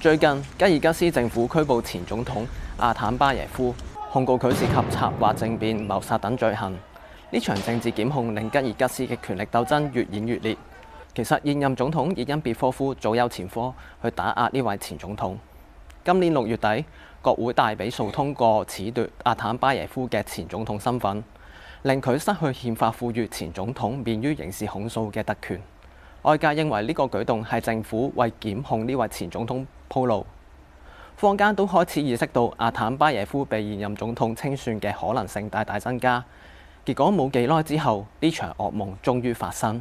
最近吉爾吉斯政府拘捕前總統阿坦巴耶夫，控告佢涉及策劃政變、謀殺等罪行。呢場政治檢控令吉爾吉斯嘅權力鬥爭越演越烈。其實現任總統熱恩別科夫早有前科，去打壓呢位前總統。今年六月底，國會大比數通過褫奪阿坦巴耶夫嘅前總統身份，令佢失去憲法賦予前總統免於刑事控訴嘅特權。外界認為呢個舉動係政府為檢控呢位前總統鋪路。坊間都開始意識到阿坦巴耶夫被現任總統清算嘅可能性大大增加。結果冇幾耐之後，呢場噩夢終於發生。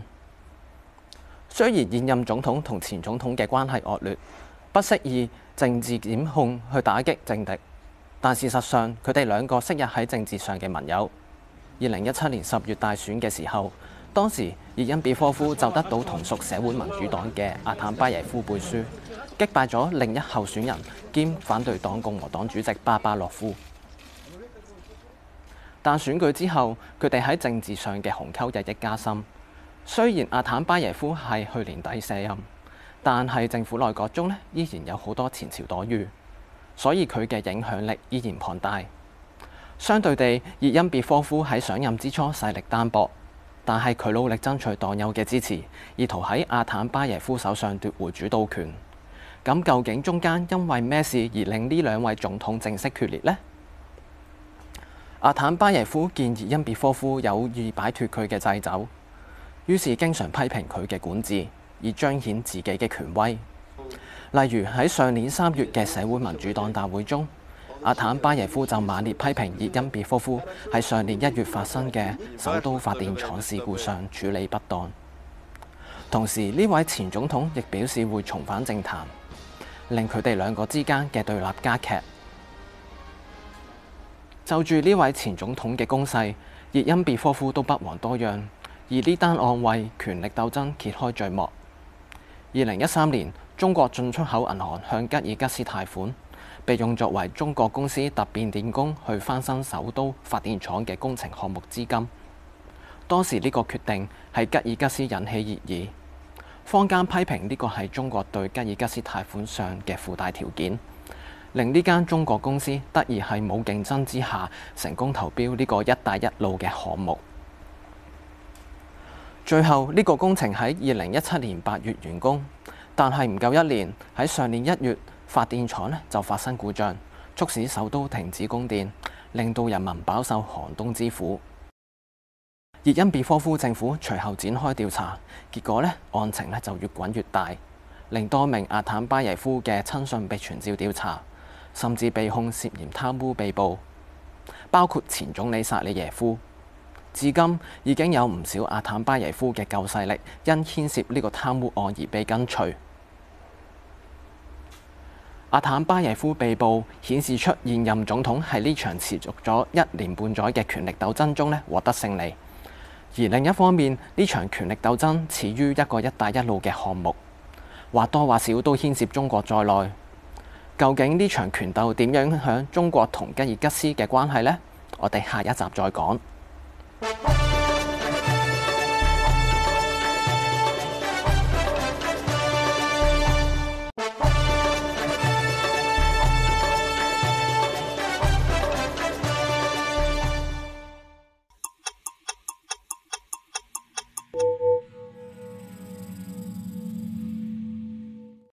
雖然現任總統同前總統嘅關係惡劣，不適宜政治檢控去打擊政敵，但事實上佢哋兩個昔日喺政治上嘅盟友。二零一七年十月大選嘅時候。當時熱恩別科夫就得到同屬社會民主黨嘅阿坦巴耶夫背書，擊敗咗另一候選人兼反對黨共和黨主席巴巴洛夫。但選舉之後，佢哋喺政治上嘅鴻溝日益加深。雖然阿坦巴耶夫係去年底卸任，但係政府內閣中呢依然有好多前朝黨員，所以佢嘅影響力依然龐大。相對地，熱恩別科夫喺上任之初勢力單薄。但係佢努力爭取黨友嘅支持，以圖喺阿坦巴耶夫手上奪回主導權。咁究竟中間因為咩事而令呢兩位總統正式決裂呢？阿坦巴耶夫建議因別科夫有意擺脫佢嘅掣肘，於是經常批評佢嘅管治，以彰顯自己嘅權威。例如喺上年三月嘅社會民主黨大會中。阿坦巴耶夫就猛烈批評熱恩別科夫喺上年一月發生嘅首都發電廠事故上處理不當，同時呢位前總統亦表示會重返政壇，令佢哋兩個之間嘅對立加劇。就住呢位前總統嘅攻勢，熱恩別科夫都不遑多讓，而呢單案為權力鬥爭揭開序幕。二零一三年，中國進出口銀行向吉爾吉斯貸款。被用作為中國公司特變電工去翻新首都發電廠嘅工程項目資金。當時呢個決定係吉爾吉斯引起熱議，坊間批評呢個係中國對吉爾吉斯貸款上嘅附帶條件，令呢間中國公司得以喺冇競爭之下成功投標呢個一帶一路嘅項目。最後呢、呢個工程喺二零一七年八月完工，但係唔夠一年喺上年一月。發電廠咧就發生故障，促使首都停止供電，令到人民飽受寒冬之苦。熱恩別科夫政府隨後展開調查，結果咧案情咧就越滾越大，令多名阿坦巴耶夫嘅親信被傳召調查，甚至被控涉嫌貪污被捕，包括前總理薩里耶夫。至今已經有唔少阿坦巴耶夫嘅舊勢力因牽涉呢個貪污案而被根除。阿坦巴耶夫被捕，顯示出現任總統喺呢場持續咗一年半載嘅權力鬥爭中呢獲得勝利。而另一方面，呢場權力鬥爭始於一個「一帶一路」嘅項目，或多或少都牽涉中國在內。究竟呢場權鬥點樣影響中國同吉爾吉斯嘅關係呢？我哋下一集再講。